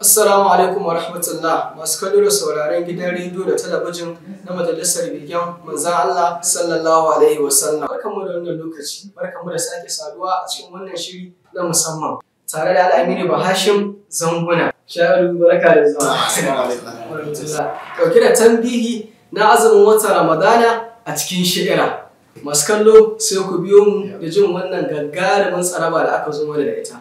Assalamu alaikum wa rahmatullah masu kallo da sauraren gidan rediyo da talabijin na majalisar bigen manzan Allah sallallahu alaihi wa sallam. Barkanmu da wannan lokaci, barkanmu da sake saduwa a cikin wannan shiri na musamman. Tare da Al'aminu Bahashim Zanguna. Sha'iru baraka da zuwa. Ɗauke da tambihi na azumin watan Ramadana a cikin shi'ira. Masu kallo sai ku biyo mu da jin wannan gagarumin tsaraba da aka zo mana da ita.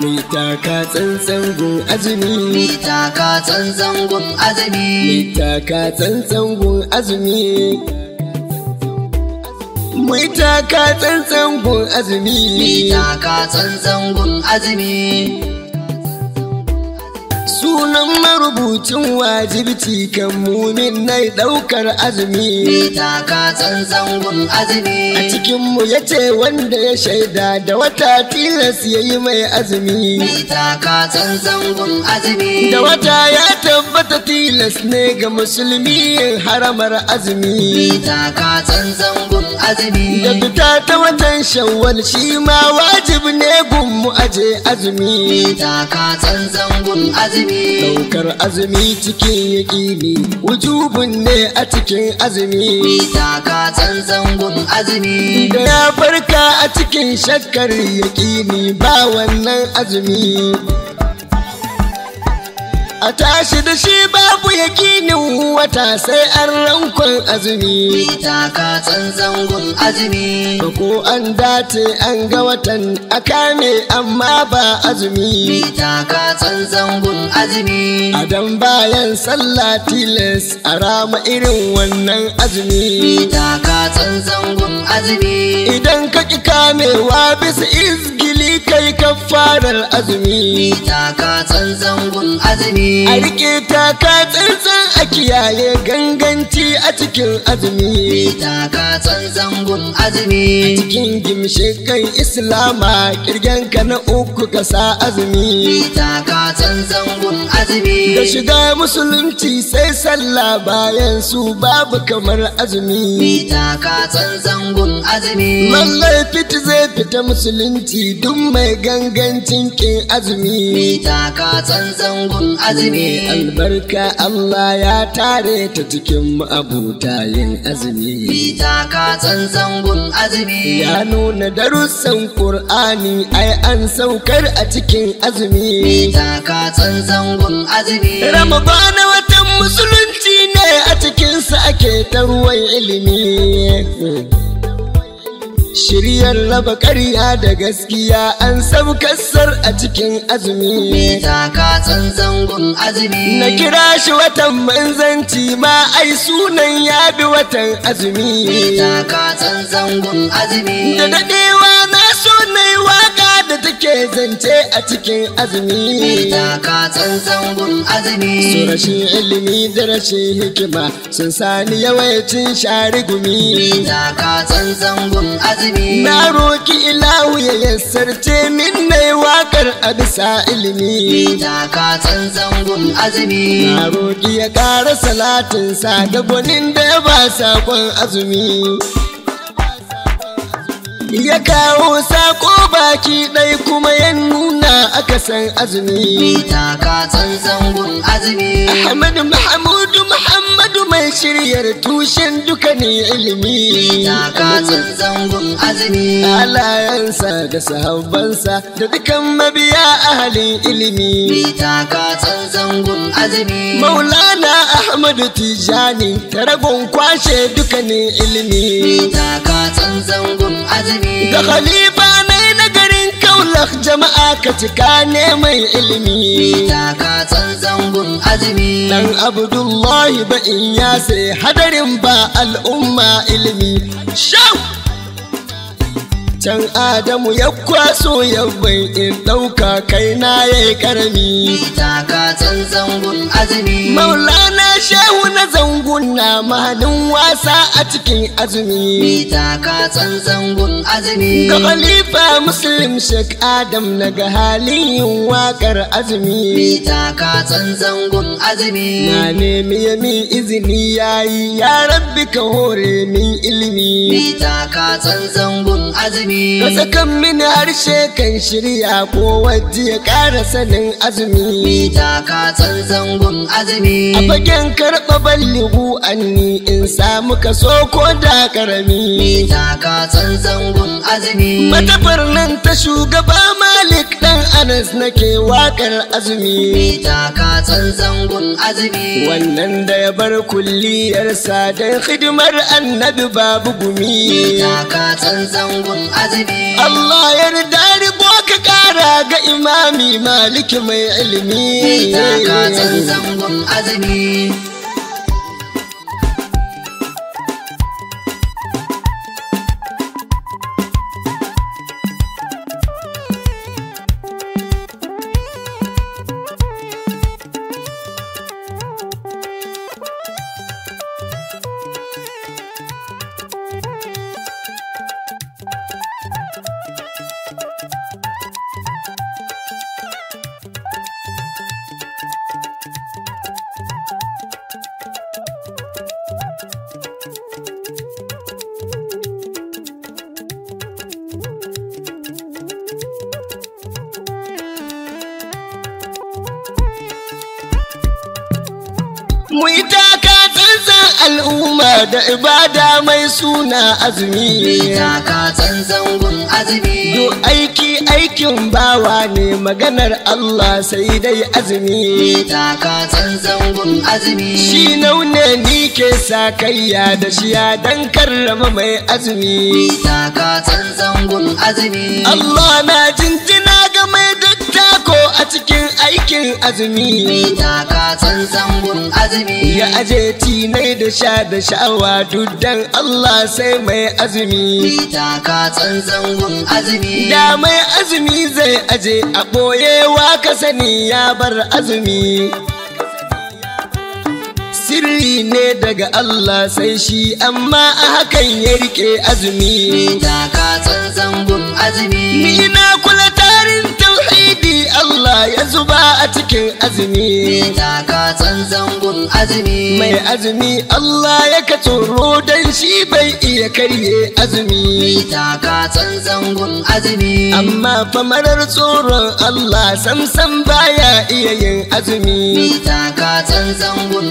Mai taka tsantsan gun azumi. Mai taka tsantsan gun azumi. Mai taka tsantsan gun azumi. Mai taka tsantsan gun azumi. Mai taka tsantsan gun azumi. sunan marubucin wajibci kan mumin na daukar azumi gun azumi a cikinmu ya ce wanda ya shaida da wata tilas ya yi mai azumi gun azumi da wata ya tabbata tilas ne ga musulmi yin haramar azumi gun azumi da fita ta watan shawwal shi ma wajibi aje azumi taka tsantsan gun azumi daukar azumi cikin yaƙini wujubun ne a cikin azumi taka tsantsan gun azumi da ya farka a cikin shakkar yaƙini ba wannan azumi a tashi da shi babu yakinin wata sai an rankon azumi ka gun azumi ko an dace an ga watan a kame amma ba azumi ka gun azumi a dan bayan sallah tilas a rama irin wannan azumi ka gun azumi idan ka ki kamewa bisa izini dabarar azumi tsantsan gun azumi a rike ka tsantsan a kiyaye ganganci a cikin azumi tsantsan a cikin kan islama kirgen ka na uku ka sa azumi da shiga musulunci sai sallah bayan su babu kamar azumi taka tsantsan gun fiti zai fita musulunci duk mai gangan gangancin kin azumi ni ka tsantsan gun azumi albarka Allah ya tare ta cikin abuta yin azumi Mita ka tsantsan gun azumi ya nuna darussan Qur'ani ai an saukar a cikin azumi Mita ka tsantsan gun azumi Ramadana watan musulunci ne a cikinsa ake ta ilimi shiryar raba ƙarya da gaskiya an sam kassar a cikin azumi tsantsan gun azumi na kira shi watan manzanci ma ai sunan ya bi watan azumi tsantsan gun azumi da daɗewa na da take zance a cikin azumi mita ka tsantsan gun azumi su rashin ilimi da rashin hikima sun sani yawancin shari gumi mita ka tsantsan gun azumi na roki ilahu ya yassarce min na wakar a bisa ilimi mita ka tsantsan gun azumi na roki ya kara salatinsa da gwanin da ya ba sakon azumi ya kawo sako baki ɗai kuma ya nuna aka san azumi mita ka zangun azumi ahmadu mahamudu muhammadu mai shiryar tushen dukkanin ilimi mita ka zangun azumi alayansa da sahabbansa da dukan mabiya ahalin ilimi mita ka zangun azumi maulana ahmadu tijani taragon kwashe dukkanin ilimi mita ka zangun azumi ga khalifa mai na garin kaulah jama'a ka cika neman ilimi ta ka tsantsan gun azumi dan abdullahi ba in ya sai hadarin ba al'umma ilimi shau can adamu ya kwaso ya bai in ɗauka kai na ya yi ƙarami maulana shehu na zangun na mahadin wasa a cikin azumi ga khalifa muslim shek adam na ga halin yin waƙar azumi na nemi ya mi izini yayi ya rabbi ka hore min ilimi azumi azumi ka sakan mini harshe kan shirya ko wadda ya kara sanin azumi ni ta ka zangon azumi a fagen karɓa ballihu anni in samu kaso ko da karami ni ta ka zangon azumi nan ta shugaba malik dan anas nake wakar azumi ni ta ka zangon azumi wannan da ya bar kulliyarsa don hidimar annabi babu gumi ni ta ka zangon azumi Allah yarda rigo ka kara ga imami maliki mai ilimi ni ta ka azumi da ibada mai suna azumi Bita ka azumi Do aiki aikin bawa ne maganar Allah sai dai azumi Bita ka azumi Shi naune ni ke sa kayya da shiya dan karrama mai azumi Bita ka azumi Allah na jinjin a cikin aikin azumi gun azumi ya aje tinai da sha da sha'awa duk dan Allah sai mai azumi mi taka gun azumi da mai azumi zai aje a boyewa ka sani ya bar azumi sirri ne daga Allah sai shi amma a hakan ya rike azumi. Ni gun azumi. Ni na kula yanzu ya zuba a cikin azumi ka azumi mai azumi Allah ya ka tsoro dan shi bai iya karye azumi ka tsantsan gun azumi amma fa marar tsoron Allah samsam baya iya yin azumi ka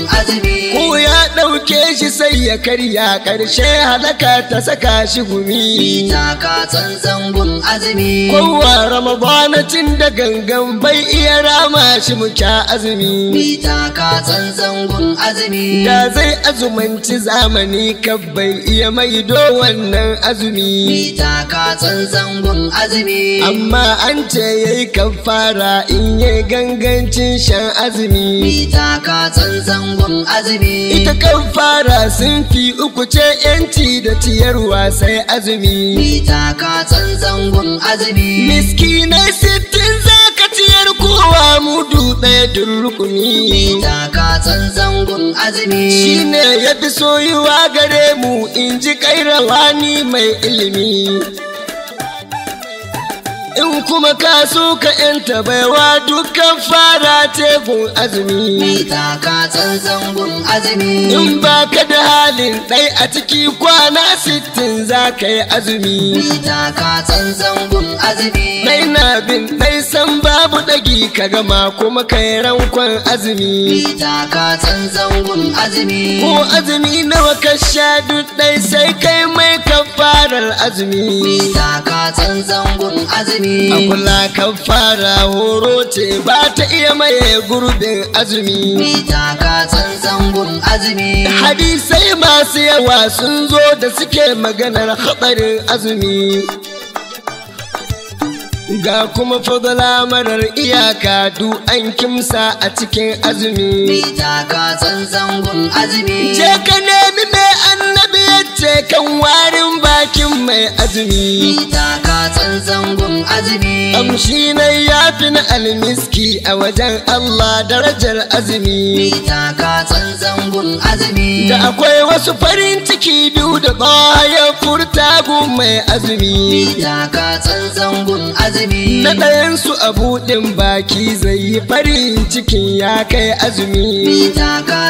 azumi ko ya ɗauke shi sai ya karya ƙarshe halaka ta saka shi gumi ka tsantsan gun azumi kowa ramadana cin da gangan bai zai iya rama shi muka azumi ni ka tsantsan gun azumi da zai azumanci zamani ka bai iya maido wannan azumi ni ka tsantsan gun azumi amma an ce yayi kafara in yayi gangancin shan azumi ni ka tsantsan gun azumi ita kafara sun fi uku ce yanci da ciyarwa sai azumi ni ka tsantsan gun azumi miskinai sittin zai kowa mudu ɗaya dun rukuni taka zangun azumi shine ya fi soyuwa gare mu in ji kairawani mai ilimi in kuma ka so ka yanta baiwa dukkan fara tegun azumi mai taka zangun azumi in ba ka da misalin ɗai a ciki kwana sittin za ka yi azumi. ta ka tsantsan gun azumi. Ɗai na bin ɗai san babu ɗagi ka gama kuma ka yi rankon azumi. ta ka tsantsan gun azumi. Ko azumi nawa ka sha duk ɗai sai kai mai kafarar azumi. ta ka tsantsan gun azumi. A kula kafara horo ce ba ta iya maye gurbin azumi. ta ka tsantsan gun azumi. Hadisai masu yawa sun zo da suke maganar haɓarin azumi ga kuma fadala marar iyaka du an kimsa a cikin azumi mita ka je nemi mai annabi ce kan warin ba. matakin mai azumi ta ka zangon azumi amshi na yafin almiski a wajen Allah darajar azumi ta ka gun azumi da akwai wasu farin ciki biyu da baya furta gun mai azumi ta ka gun azumi na ɗayan su a buɗin baki zai yi farin cikin ya kai azumi ta ka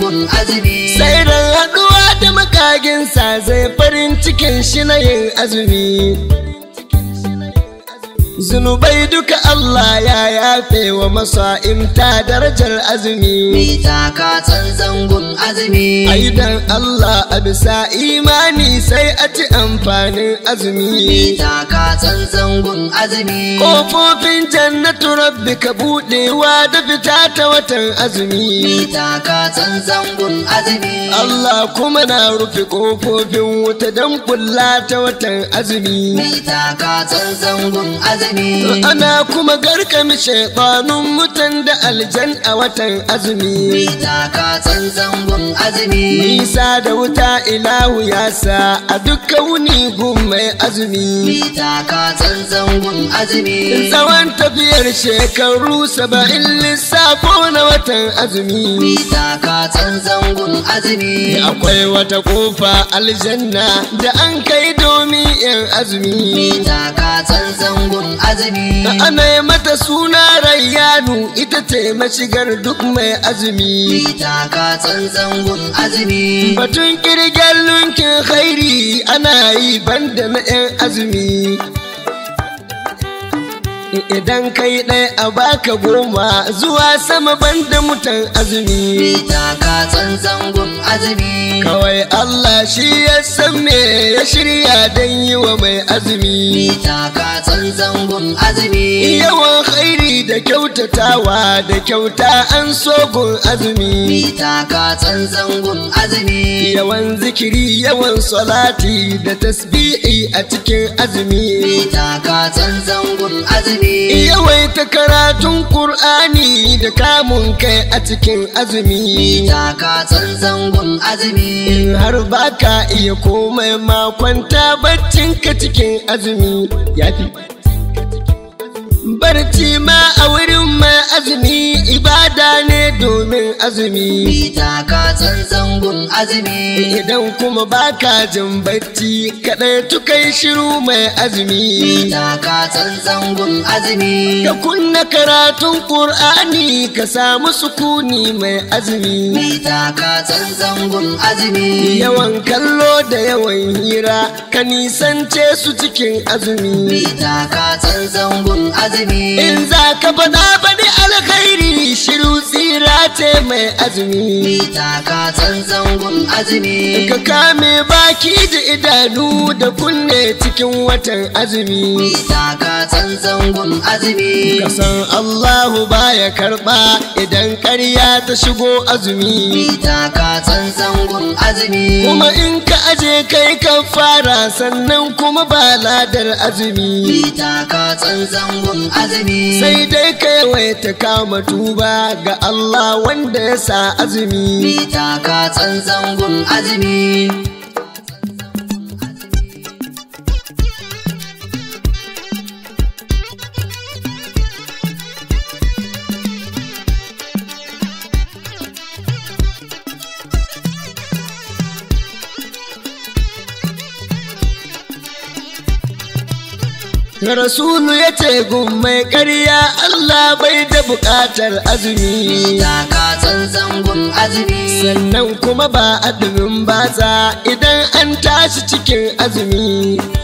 gun azumi sai da haɗu da makaginsa zai farin cikin shi na yin azumi zunubai duka Allah ya yafe wa masa'imta darajar azumi. Mita ka azumi aidan Allah a bisa imani sai a ci amfanin azumi Bita ka san zangon azumi kofofin jannatu rabbi ka budewa da fita ta watan azumi Bita ka san zangon azumi Allah kuma na rufe kofofin wuta dan kulla ta watan azumi Bita ka san zangon azumi ana kuma garkami shaitanun mutan da aljan a watan azumi Bita ka san azumi. gun azumi nisa da wuta ilahu ya sa a dukkan wuni gun mai azumi Mita ka tsantsan gun azumi tsawon tafiyar shekaru saba'in lissafo na watan azumi Mita ka tsatsan azumi akwai wata kofa aljanna da an kai domin yan azumi taka tsantsan gun azumi ana mata suna rayyanu ita ce mashigar duk mai azumi taka tsantsan gun azumi batun kirgen lunkin khairi ana yi banda na yan azumi idan kai ɗaya a baka goma zuwa sama banda mutan azumi ta ka tsantsan gun azumi kawai Allah shi ya san me ya shirya don yi wa mai azumi ta ka tsantsan gun azumi yawan khairi da kyautatawa da kyauta an so gun azumi ta ka tsantsan gun azumi yawan zikiri yawan salati da tasbihi a cikin azumi ta ka tsantsan gun azumi yawaita karatun Kur'ani da kamun kai a cikin azumi ta ka gun azumi har baka iya komai kwanta baccin ka cikin azumi yafi barci ma a wurin mai azumi ibada ne domin azumi bita ka san zangon azumi idan kuma baka jin barci kadai tukai shiru mai azumi bita ka san zangon azumi ka kunna karatun qur'ani ka samu sukuni mai azumi bita ka san zangon azumi yawan kallo da yawan hira ka nisance su cikin azumi bita ka san zangon azumi in za ka faɗa ba wani alkhairi shiru tsira ce mai azumi ka tsantsan gun azumi ka kame baki da idanu da kunne cikin watan azumi ka tsantsan gun azumi ka san Allahu baya karba idan ƙarya ta shigo azumi ka tsantsan gun azumi kuma in ka aje kai ka fara sannan kuma ba ladar azumi ka tsantsan gun azumi sai dai kai wai ta kama tuba ga Allah wanda ya sa azumi. Bita ka tsantsan gun azumi. rasulu ya ce mai ƙarya Allah bai da bukatar azumi ka tsantsan gun azumi sannan kuma ba adumin batsa idan an tashi cikin azumi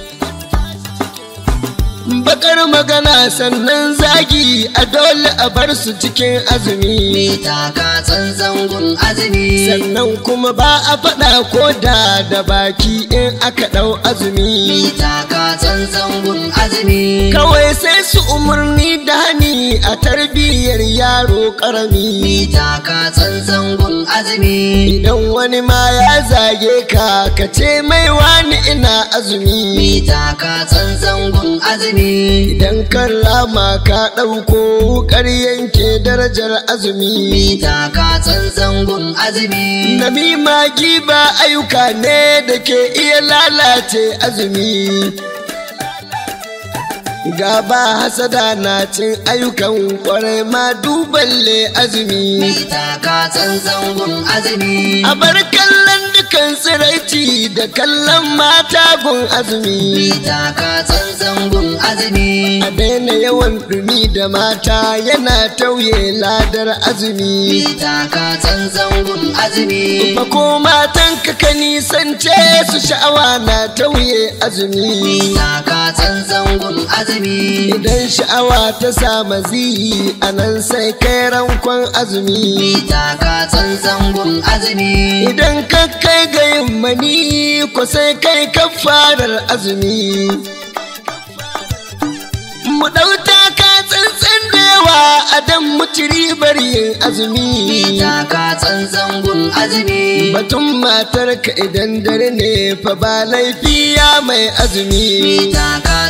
bakar magana sannan zagi a dole a bar su cikin azumi ni taka azumi sannan kuma ba a faɗa ko da da baki in aka ɗau azumi ni taka azumi kawai sai su umarni da hani a tarbiyyar yaro ƙarami. ni taka azumi idan wani ma ya zage ka ka ce mai wani ina azumi ni taka azumi idan kan lama ka ɗauko kar yanke darajar azumi mita ka zangon azumi namima giba ayyuka ne da ke iya lalace azumi gaba hasada na cin ayyukan kwarai ma duballe azumi mita ka zangon azumi a bar kallon kan tsiraici da kallon mata gun azumi. Mita ka tsantsan gun azumi. A daina yawan dumi da mata yana tauye ladar azumi. Mita ka tsantsan gun azumi. Ba ko matan ka ka nisance su sha'awa na tauye azumi. Mita ka tsantsan gun azumi. Idan sha'awa ta sa maziyi a nan sai kai rankon azumi. Mita ka tsantsan gun azumi. Idan ka kai zagayin mani ko sai kai kafarar azumi mu ɗauta ka tsantsan dawa, Adam, a dan muci yin azumi ka tsantsan gun azumi batun matar ka idan dare ne fa ba laifiya mai azumi ka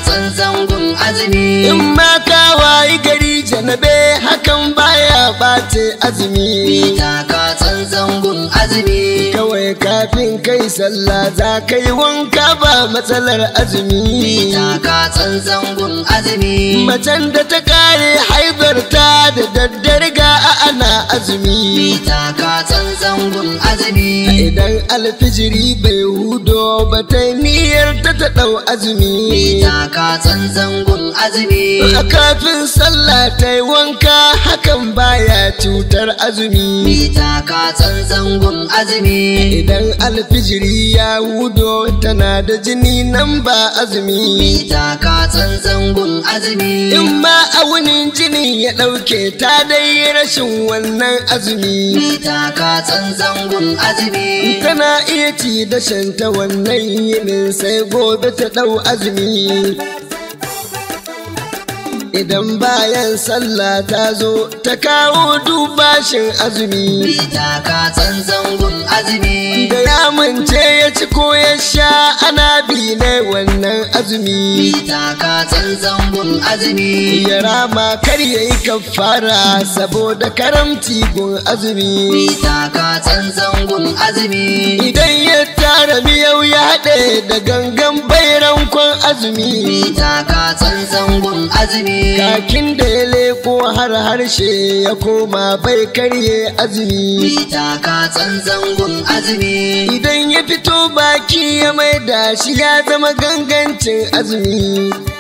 tsantsan gun azumi in ma ka gari janabe hakan baya bace azumi bita ka zangun azumi kawai kafin kai sallah za ka yi wanka ba matsalar azumi bita ka zangun azumi macen da ta kare haibarta da daddare ga ana azumi bita ka zangun azumi idan alfijiri bai hudo ba ta ni ta ta ɗau azumi. ta ka tsantsan gun azumi. Kafin sallah ta yi wanka. hakan baya cutar azumi mita ka zangon azumi idan alfijiri ya wudo tana da jini nan ba azumi mita ka zangon azumi in ma aunin jini ya ɗauke ta dai rashin wannan azumi mita ka zangon azumi tana iya ci da shanta wannan yinin sai gobe ta ɗau azumi idan bayan sallah ta zo ta kawo dubashin azumi bita ka zangun azumi da ya mance ya ci ko ya sha ana bi ne wannan azumi bita ka zangun azumi ya rama kar ya yi kafara saboda karamci gun azumi bita ka zangun azumi idan ya tara miyau ya haɗe da gangan bairan kwan azumi bita ka zangun azumi kakin da ya leko har harshe ya koma bai karye azumi tsantsan gun azumi idan ya fito baki ya maida shi ya zama gangancin azumi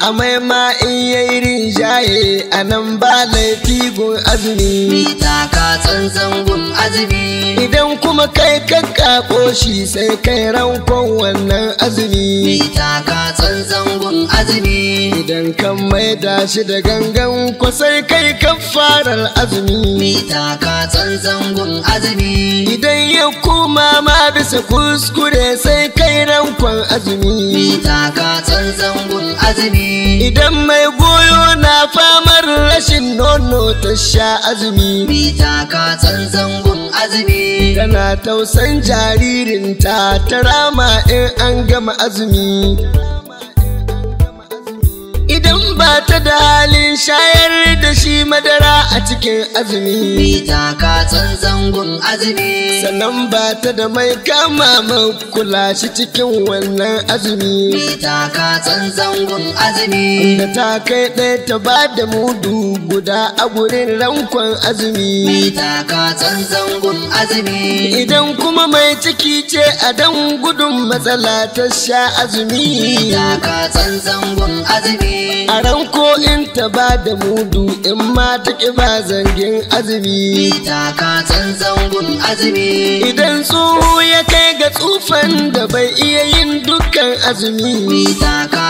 amai ma in yayi rinjaye a nan ba laifi gun azumi ta ka tsantsan gun azumi idan kuma kai kakka koshi sai kai rankon wannan azumi ta ka tsantsan gun azumi idan kan maida shi da gangan ko sai kai fara azumi ta ka tsantsan gun azumi idan ya kuma ma bisa kuskure sai kai rankon azumi ni ka azumi idan mai goyo na famar rashin nono ta sha azumi ni ka azumi tana tausan jaririnta ta rama in an gama azumi in ba ta da halin shayar da shi madara a cikin azumi. ka taka zangon azumi. Sannan ba ta da mai kama man kula shi cikin wannan azumi. ka taka zangon azumi. Da ta kai ɗaya ta ba da mudu guda a gurin rankon azumi. ka taka zangon azumi. Idan kuma mai ciki ce a dan gudun matsala ta sha azumi. ka taka zangon azumi. a ranko in ta ba da mudu in ma ta ki ba zangin azumi ta ka zangun azumi idan tsoho ya kai ga tsufan da bai iya yin dukkan azumi ta ka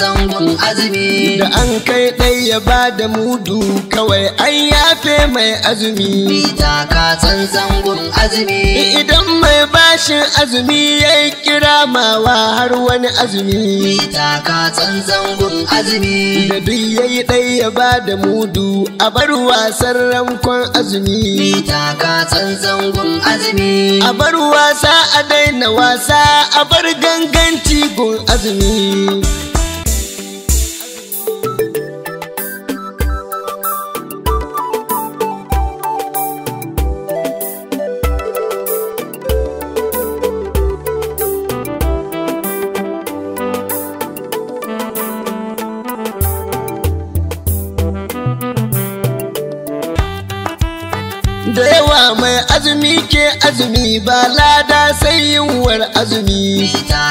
zangun azumi da an kai ɗai ya ba da mudu kawai an yafe mai azumi ta ka zangun azumi idan mai bashin azumi ya yi kiramawa har wani azumi ta ka zangun azumi da duk yayi ɗai ya ba da mudu a bar wasan rankon azumi ni ka tsantsan gun azumi a bar wasa a daina wasa a bar ganganci gun azumi azumi ke azumi ba lada sai yiwuwar azumi ka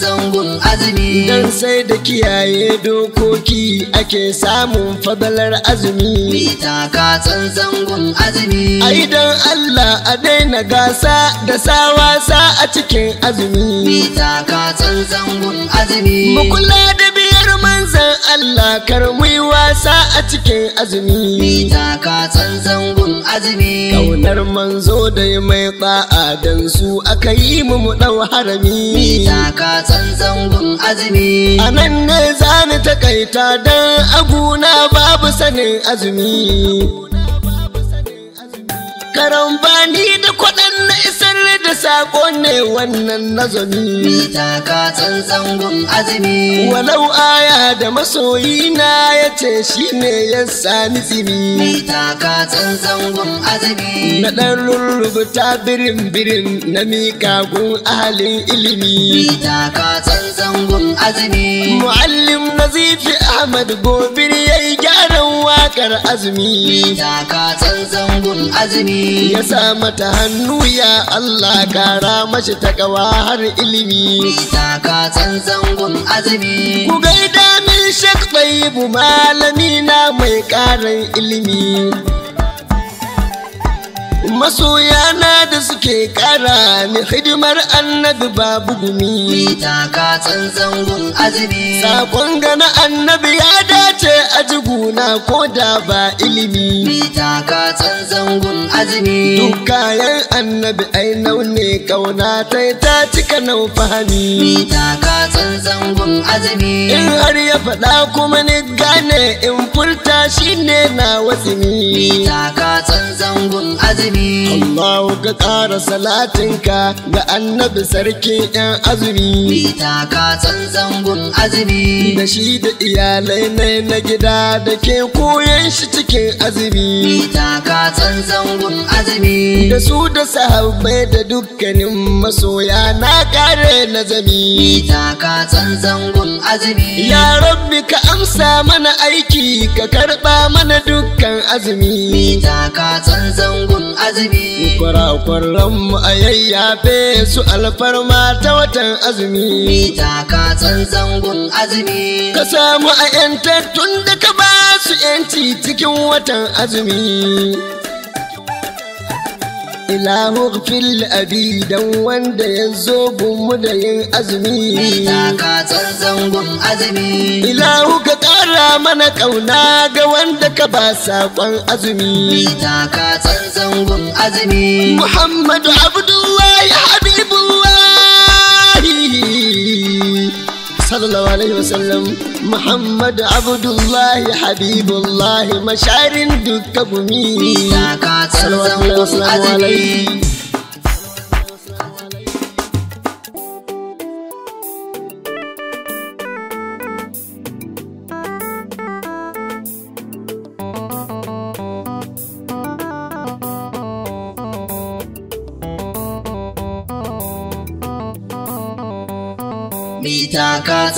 zangun azumi dan sai da kiyaye dokoki ake samun fadalar azumi ka zangon azumi ai dan Allah a daina gasa da sa a cikin azumi ka zangon azumi da bi Allah kar muyi wasa a cikin azumi ni ka san gun azumi kaunar manzo da mai ba'a dan su aka yi mu mu dau harami ni ka san gun azumi anan ne zani kaita dan aguna babu sanin azumi karambani da kwaɗa sako ne wannan nazari mita ka tsantsan gun azumi walau aya da masoyi na ya ce shi ne ya sani tsimi mita ka tsantsan gun azumi na dan ta birin birin na mika gun ahalin ilimi mita ka tsantsan gun azumi muallim nazifi ahmad gobir yayi gyaran wakar azumi mita ka tsantsan gun azumi ya sa mata hannu ya Allah kara mashi takawa har ilimi ka tsantsan gun azumi ku gaida min shek bu malami na mai karin ilimi masoyana da suke kara ni. hidimar annabi babu gumi taka tsantsan gun azumi sakon gana annabi ya dace ajiguna ko da ba ilimi bita ka zangun azumi duk kayan annabi ai naune kauna ta ta cika nau fahimi bita ka zangun azumi in har ya faɗa kuma ni gane in furta shine na wasini bita ka zangun azumi Allahu ka ƙara salatinka ga annabi sarkin 'yan azumi bita ka zangun azumi da shi da iyalai na na gida da ke koyan shi cikin azumi ka tsantsan gun azumi da su da sahabbai da dukkanin masoya na kare nazami ka tsantsan gun azumi ya rabbi ka amsa mana aiki ka karɓa mana dukkan azumi ka tsantsan gun azumi kwarakwaran mu a yayyafe su alfarma ta watan azumi ka tsantsan gun azumi ka samu a tun wanda ka ba su yanci cikin watan azumi ilahu fil abi dan wanda ya zo gunmu da yin azumi ilahu ka ƙara mana ƙauna ga wanda ka ba sakon azumi muhammadu abdullahi habibullahi sallallahu alaihi wasallam Muhammad Abdullahi Habibullahi masharin dukkan gumi sallallahu alaihi wasallam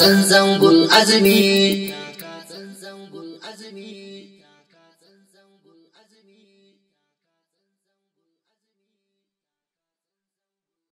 tsantsan gun azumi